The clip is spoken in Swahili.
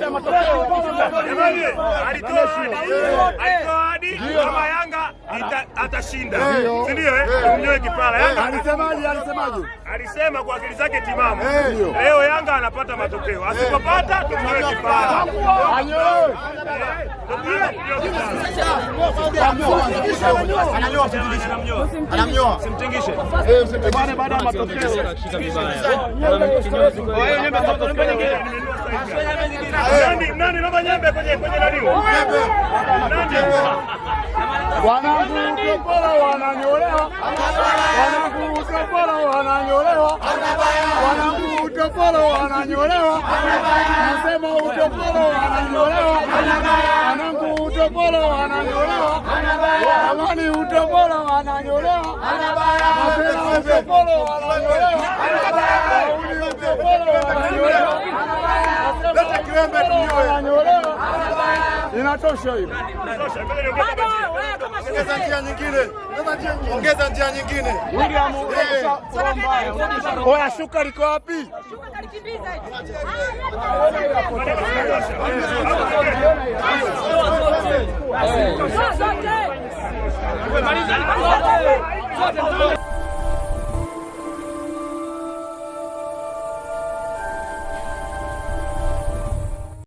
baada matokeo. Jamani, alitoa ahadi kama Yanga atashinda, si ndio? Eh, mnyoe kipara. Yanga eh, alisemaje? Alisemaje? Alisema kwa akili zake timamu, eh, leo Yanga anapata matokeo, asipopata tumnyoe kipara anamnyoa Baada ya matokeo nani naomba nyembe kwenye kwenye naniu wanangu Utopolo wananyolewa, wanangu Utopolo wananyolewa, wanangu Utopolo wananyolewa, nasema Utopolo wananyolewa utapora wananyolewa, amani utapora wananyolewa, Inatosha hiyo. Ongeza njia nyingine, ongeza njia nyingine. Eh. Oya, shuka liko wapi? Go, go, go!